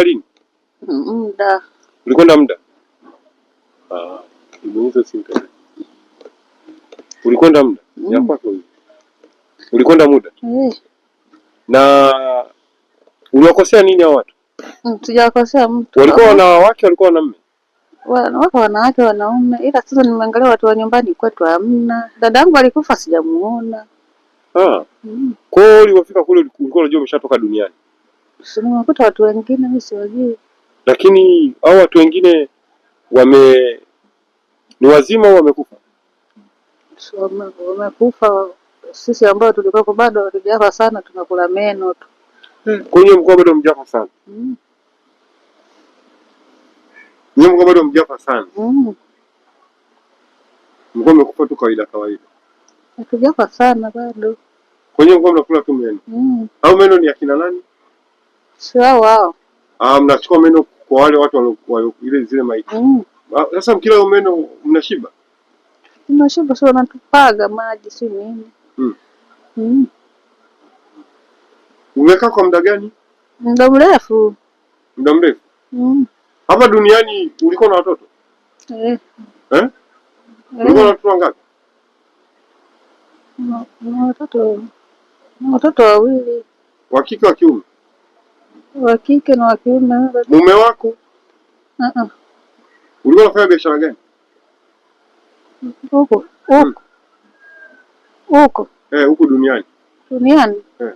lini? Muda. Ulikwenda muda? Ah, hizo si mtandao. Ulikwenda muda? Mm. Ya kwako hiyo. Ulikwenda muda? Eh. Na uliwakosea nini hao watu? Mm, Sijakosea mtu. Walikuwa wanawake, walikuwa wana Wako wanawake wanaume, ila sasa nimeangalia watu wa nyumbani kwetu hamna. Dadangu alikufa sijamuona. Ah. Mm. Kwa hiyo ulipofika kule ulikuwa unajua umeshatoka duniani? Nimekuta watu wengine mimi siwajui. Lakini au watu wengine wame ni wazima au wamekufa? Wamekufa. Sisi ambao tulikuwa bado hatujafa sana, tunakula meno tu. Hmm. Kwenye mkoa bado mjafa sana mm. Nye mkoa bado mjafa sana mm. Mkoa umekufa tu kawaida kawaida, hatujafa sana bado. Kwenye mkoa mnakula tu meno mm. Au meno ni akina nani? sio wao Ah, mnachukua meno kwa wale watu wale ile zile maiti. Mm. Ah, sasa mkila hiyo meno mnashiba? mnashiba sio wanatupaga maji si nini? Mm. Mm. Umekaa kwa muda gani? Muda mrefu. Muda mrefu? Mm. Hapa duniani ulikuwa na watoto? Eh. Eh? Ulikuwa na watoto wangapi? Na watoto watoto wawili. Wa kike wa kiume? wa kike na wa kiume. Mume wako uh-uh. ulikuwa unafanya biashara gani huko huko hmm. eh, huko duniani duniani? Eh.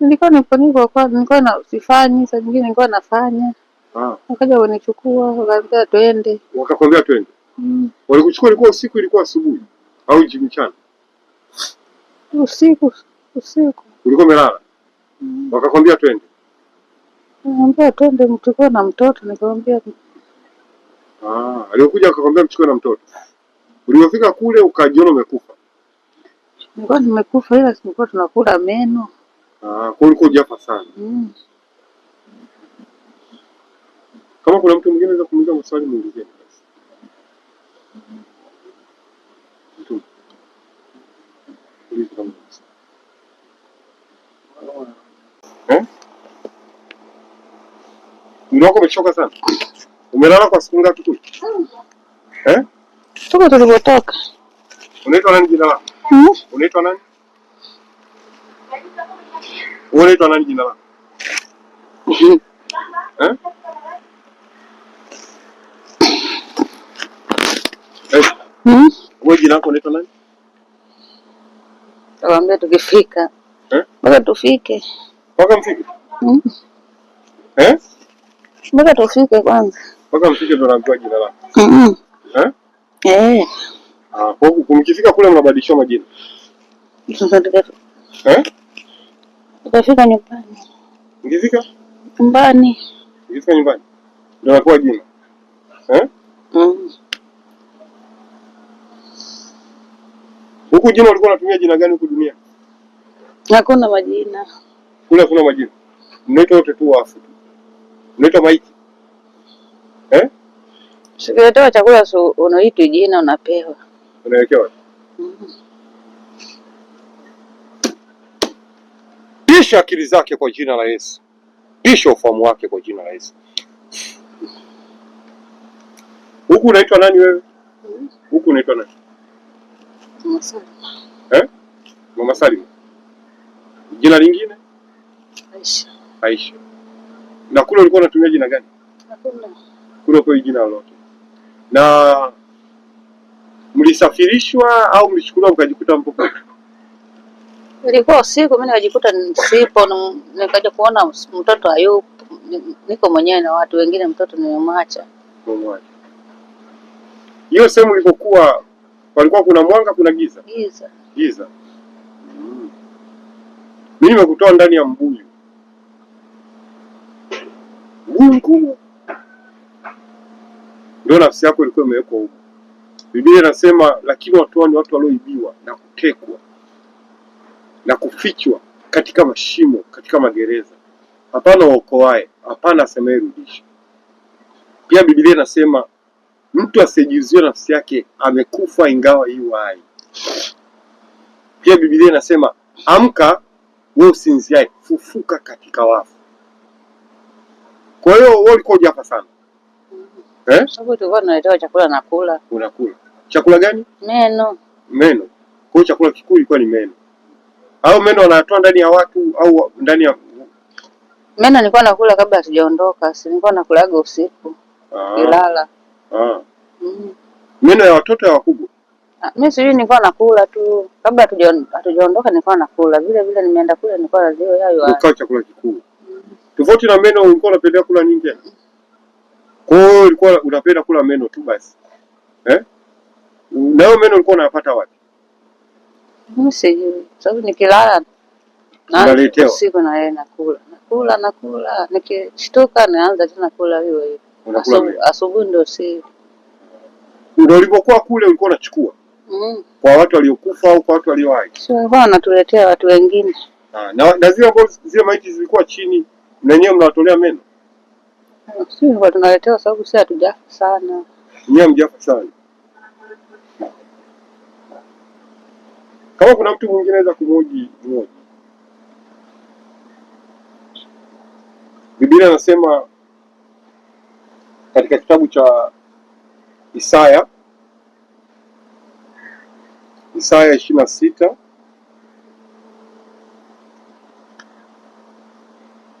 nilikuwa niponiko kwa nilikuwa na sifanyi, saa nyingine nilikuwa nafanya ah. Wakaja wanichukua wakaambia twende, wakakwambia twende mm. Walikuchukua ilikuwa usiku, ilikuwa asubuhi au mchana? Usiku, usiku ulikuwa umelala mm. Wakakwambia twende Nikamwambia twende mchukue na mtoto, nikamwambia ah, alikuja akakwambia mchukue na mtoto. Uliofika kule ukajiona umekufa? Nilikuwa nimekufa, ila sikuwa tunakula meno. Ah, kwa ulikuwa hujafa sana. Mm. Kama kuna mtu mwingine anaweza kumuuliza maswali mwingine. mdogo umechoka sana? Umelala kwa siku ngapi kule? Eh? Toka tulivyotoka. Unaitwa nani jina lako? Hmm? Unaitwa nani? Unaitwa nani jina lako? Eh? Eh? Hmm? Wewe jina lako unaitwa nani? Tuambie tukifika. Eh? Mpaka tufike. Mpaka mfike. Hmm? Eh? Mpaka tufike kwanza. Mpaka mfike ndo naambiwa jina lako. Mhm. Eh? Eh. Ah, kwa hiyo mkifika kule mnabadilishwa majina. Sasa Eh? Utafika nyumbani. Mkifika? Nyumbani. Mkifika nyumbani. Ndio nakuwa jina. Eh? Mhm. Huku jina ulikuwa unatumia jina gani huku dunia? Hakuna majina. Kule kuna majina. Mnaitwa wote tu wafu tu. Unaitwa maiti eh? Sikitoa chakula unaitwa jina, unapewa unawekewa mm mm-hmm. akili zake kwa jina la Yesu, pisha ufahamu wake kwa jina la Yesu. Huku unaitwa nani wewe? Mm-hmm. Huku unaitwa nani? Mama Salima. Eh? Mama Salima. Jina lingine Aisha. Aisha. Na kule ulikuwa unatumia jina gani? Hakuna. Kule kwa jina lolote. Na mlisafirishwa au mlichukuliwa mkajikuta mpopo? Ilikuwa usiku, mimi nikajikuta nisipo, nikaja kuona mtoto hayupo, niko mwenyewe na watu wengine, mtoto nimemwacha. Hiyo sehemu ilipokuwa palikuwa kuna mwanga, kuna giza. Giza. Giza. Hmm. Mimi nimekutoa ndani ya mbuyu huu mkubwa, ndio nafsi yako ilikuwa imewekwa huko. Biblia inasema lakini watu ni watu walioibiwa na kutekwa na kufichwa katika mashimo, katika magereza. Hapana waokoae, hapana rudisha. Pia Biblia inasema mtu asiyejiuziwa nafsi yake amekufa ingawa hii hai. Pia Biblia inasema amka, wewe usinziae, fufuka katika wafu. Kwa hiyo wewe ulikuwa hapa sana mm-hmm. eh? Sababu tulikuwa tunaletewa chakula na kula. Unakula chakula gani? Meno. Meno. Kwa hiyo chakula kikuu ilikuwa ni meno, au meno wanatoa ndani ya watu au ndani ya meno? Nilikuwa nakula kabla hatujaondoka, si nilikuwa nakulaga usiku ah. ilala. Ah. Mm. Mm-hmm. Meno ya watoto ya wakubwa ah, mimi sijui, nilikuwa nakula tu kabla hatujaondoka, nilikuwa nakula vile vile. Nimeenda kule nilikuwa lazio yayo chakula kikuu Tofauti na meno, ulikuwa unapenda kula nyingi. Kwa hiyo ulikuwa unapenda kula meno tu basi. Eh? Na hiyo meno ulikuwa unayapata wapi? Sijui. Sababu nikilala na usiku na yeye nakula. Nakula nakula, nikishtuka naanza tena kula hiyo hiyo. Asubuhi ndio si. Ndio ulipokuwa kule ulikuwa unachukua. Mm. Kwa watu waliokufa au kwa watu walio hai. Sio, walikuwa wanatuletea watu wengine. Ah, na, na zile zile maiti zilikuwa chini Mnenyewe mnawatolea meno? Sisi tunaletewa sababu sisi hatujafa sana. Nyewe mjafa sana. Kama kuna mtu mwingine anaweza kumoji mmoja. Biblia anasema katika kitabu cha Isaya Isaya ishirini na sita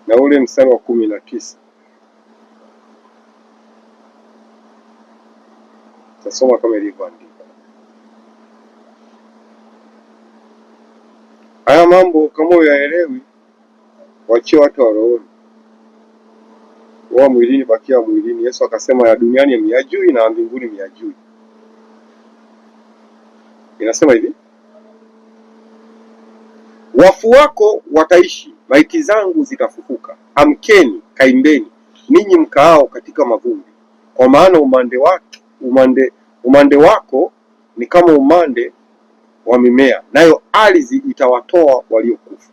na ule mstari wa kumi na tisa. Tasoma kama ilivyoandika. Haya mambo kama uyaelewi, wachie watu wa rohoni, wa mwilini bakia mwilini. Yesu akasema ya duniani myajui na mbinguni myajui. Inasema hivi, wafu wako wataishi maiti zangu zitafufuka. Amkeni, kaimbeni ninyi mkaao katika mavumbi, kwa maana umande wake, umande, umande wako ni kama umande wa mimea, nayo ardhi itawatoa waliokufa.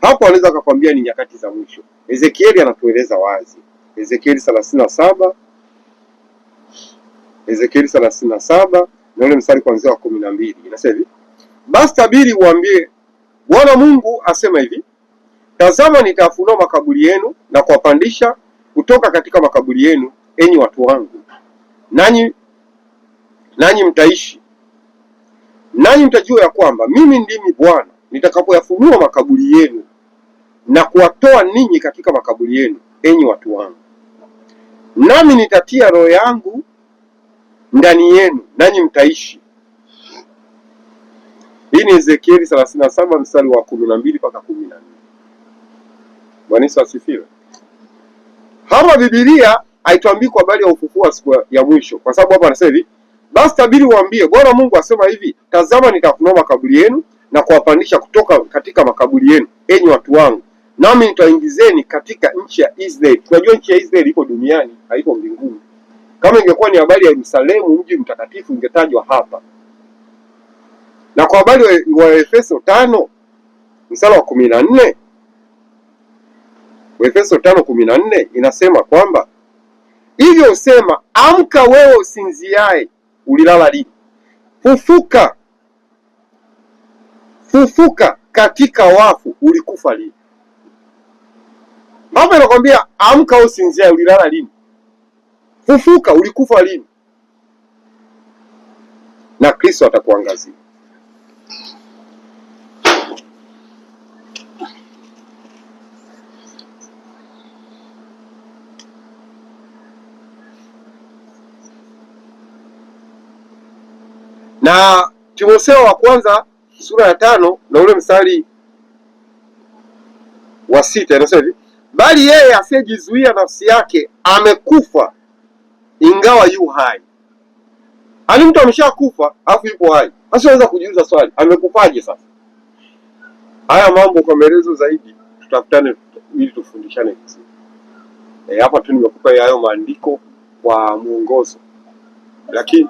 Hapo anaweza akakwambia ni nyakati za mwisho. Ezekieli anatueleza wazi, Ezekieli thelathini na saba Ezekieli thelathini na saba na ule mstari kuanzia wa kumi na mbili inasema hivi: basi tabiri uambie Bwana Mungu asema hivi Tazama, nitayafunua makaburi yenu na kuwapandisha kutoka katika makaburi yenu, enyi watu wangu, nanyi nanyi mtaishi, nanyi mtajua ya kwamba mimi ndimi Bwana nitakapoyafunua makaburi yenu na kuwatoa ninyi katika makaburi yenu, enyi watu wangu, nami nitatia roho yangu ndani yenu, nanyi mtaishi. Hii ni Ezekieli 37 mstari wa kumi na mbili mpaka kumi na nne. Bwana asifiwe. Hapa Biblia haituambii kwa habari ya ufufuo wa siku ya mwisho, kwa sababu hapa anasema hivi, basi tabiri uambie Bwana Mungu asema hivi, tazama nitafunua makaburi yenu na kuwapandisha kutoka katika makaburi yenu, enyi watu wangu, nami nitaingizeni katika nchi ya Israeli. Tunajua nchi ya Israeli iko duniani, haiko mbinguni. Kama ingekuwa ni habari ya Yerusalemu, mji mtakatifu, ingetajwa hapa. Na kwa habari wa Efeso tano mstari wa kumi na nne Waefeso tano kumi na nne inasema kwamba hivyo husema, amka wewe usinziaye, ulilala lini? Fufuka, fufuka katika wafu, ulikufa lini? Baba inakwambia amka wewe usinziaye, ulilala lini? Fufuka, ulikufa lini? Na Kristo atakuangazia. na Timotheo wa kwanza sura ya tano na ule mstari wa sita inasema hivi, bali yeye asiyejizuia nafsi yake amekufa ingawa yu hai. Ani mtu ameshakufa afu yupo hai, asiweza kujiuza swali amekufaje? Sasa haya mambo kwa maelezo zaidi tutakutane ili tufundishane vizuri. Eh, e, hapa tu nimekupa hayo maandiko kwa mwongozo, lakini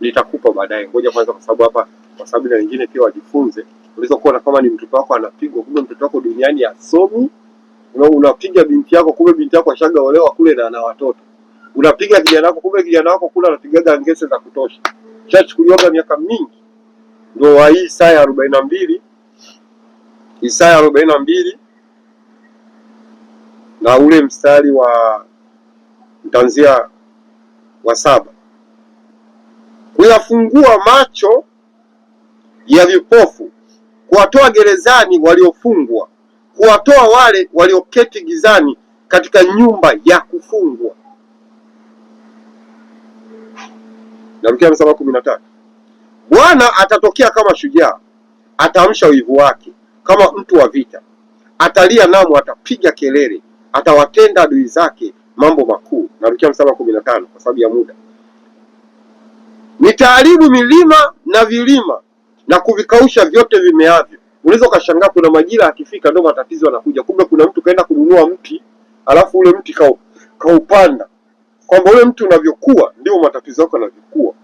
nitakupa baadaye, ngoja kwanza, kwa sababu hapa, kwa sababu na wengine pia wajifunze. Unaweza kuona kama ni mtoto wako anapigwa, kumbe mtoto wako duniani asomi. Unapiga binti yako, kumbe binti yako ashagaolewa kule na ana watoto. Unapiga kijana wako, kumbe kijana wako kule anapigaga ngese za kutosha. Chachukuliwaga miaka mingi, ndio wa hii Isaya arobaini na mbili Isaya arobaini na mbili na ule mstari wa mtanzia wa saba kuyafungua macho ya vipofu, kuwatoa gerezani waliofungwa, kuwatoa wale walioketi gizani katika nyumba ya kufungwa. Narukia msaba kumi na tatu. Bwana atatokea kama shujaa, ataamsha wivu wake kama mtu wa vita, atalia namu, atapiga kelele, atawatenda adui zake mambo makuu. Narukia msaba kumi na tano kwa sababu ya muda nitaharibu milima na vilima na kuvikausha vyote vimeavyo. Unaweza ukashangaa kuna majira akifika ndio matatizo yanakuja, kumbe kuna mtu kaenda kununua mti alafu ule mti kaupanda, kwamba ule mti unavyokuwa ndio matatizo yako yanavyokuwa.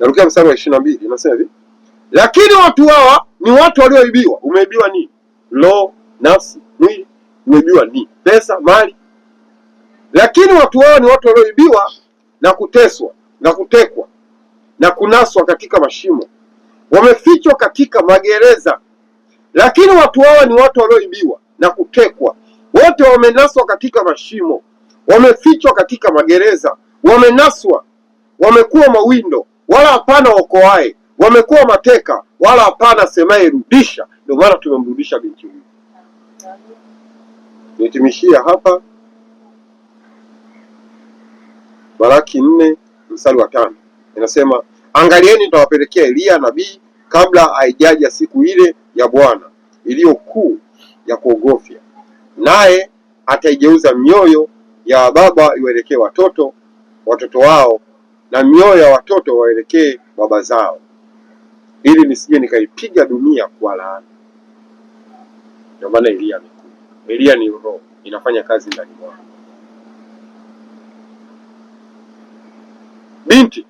Narukia mstari wa ishirini na mbili inasema hivi, lakini watu hawa ni watu walioibiwa. Umeibiwa nini? Roho, nafsi, mwili. Umeibiwa nini? Pesa, mali lakini watu wao ni watu walioibiwa na kuteswa na kutekwa na kunaswa katika mashimo, wamefichwa katika magereza. Lakini watu hawa ni watu walioibiwa na kutekwa, wote wamenaswa katika mashimo, wamefichwa katika magereza, wamenaswa, wamekuwa mawindo, wala hapana waokoaye, wamekuwa mateka, wala hapana semaye rudisha. Ndio maana tumemrudisha binti huyu. Nitimishia hapa. Baraki nne mstari wa tano inasema angalieni, nitawapelekea Eliya nabii kabla haijaja siku ile ya Bwana iliyo kuu ya kuogofya, naye ataigeuza mioyo ya baba iwaelekee watoto watoto wao na mioyo ya watoto waelekee baba zao, ili nisije nikaipiga dunia kwa laana. Ndio maana Eliya amekuja. Eliya ni roho inafanya kazi ndani mwako. Binti,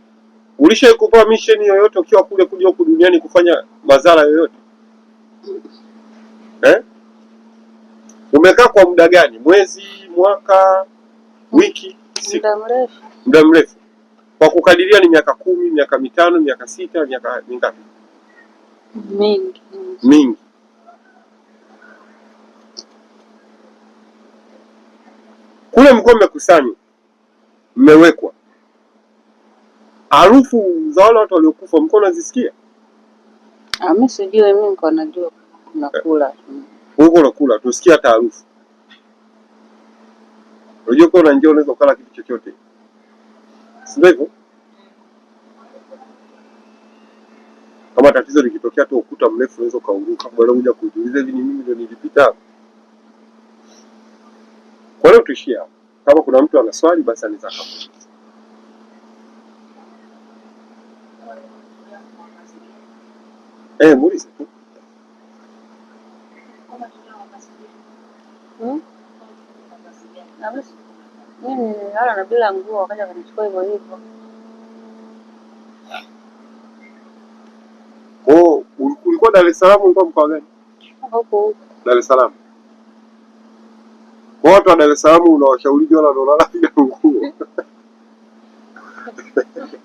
ulishawahi kupewa mission yoyote ukiwa kule kuja huku duniani kufanya madhara yoyote eh? Umekaa kwa muda gani? Mwezi, mwaka, wiki? Muda mrefu. Muda mrefu kwa kukadiria ni miaka kumi, miaka mitano, miaka sita, miaka mingapi? Mingi. Mingi. Kule mkuwa mmekusanywa, mmewekwa harufu za wale watu waliokufa mko unazisikia? Ah, mimi sijui, mimi niko najua nakula tu. Huko unakula tusikia hata harufu. Unajua kwa unanjia unaweza kula kitu chochote. Si ndio hivyo? Kama tatizo likitokea tu ukuta mrefu unaweza kaunguka. Bwana kuja kujiuliza hivi ni mimi ndio nilipita. Kwa leo tuishie hapo. Kama kuna mtu ana swali basi anaweza Eh, muulize tu. Hmm? Mimi nilala na bila nguo wakaja hivyo hivyo. ulikuwa Dar es Salaam ulikuwa mkoa gani? Dar es Salaam. Kwa watu wa Dar es Salaam wala lala bila nguo?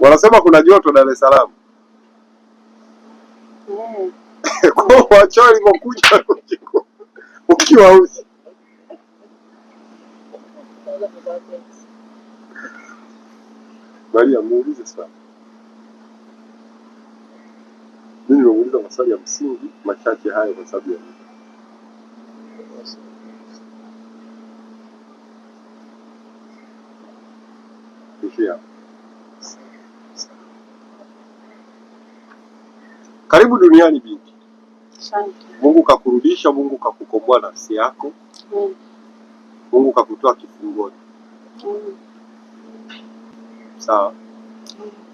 wanasema kuna joto Dar es Salaam yeah. wacho alivyokuja ukiwauzi Maria, muulize sana. Mimi nimeuliza maswali ya msingi machache hayo kwa sababu ya muda. Karibu duniani binti. Asante. Mungu kakurudisha, Mungu kakukomboa nafsi yako. Mm. Mungu kakutoa kifungoni. Mm. Sawa. Mm.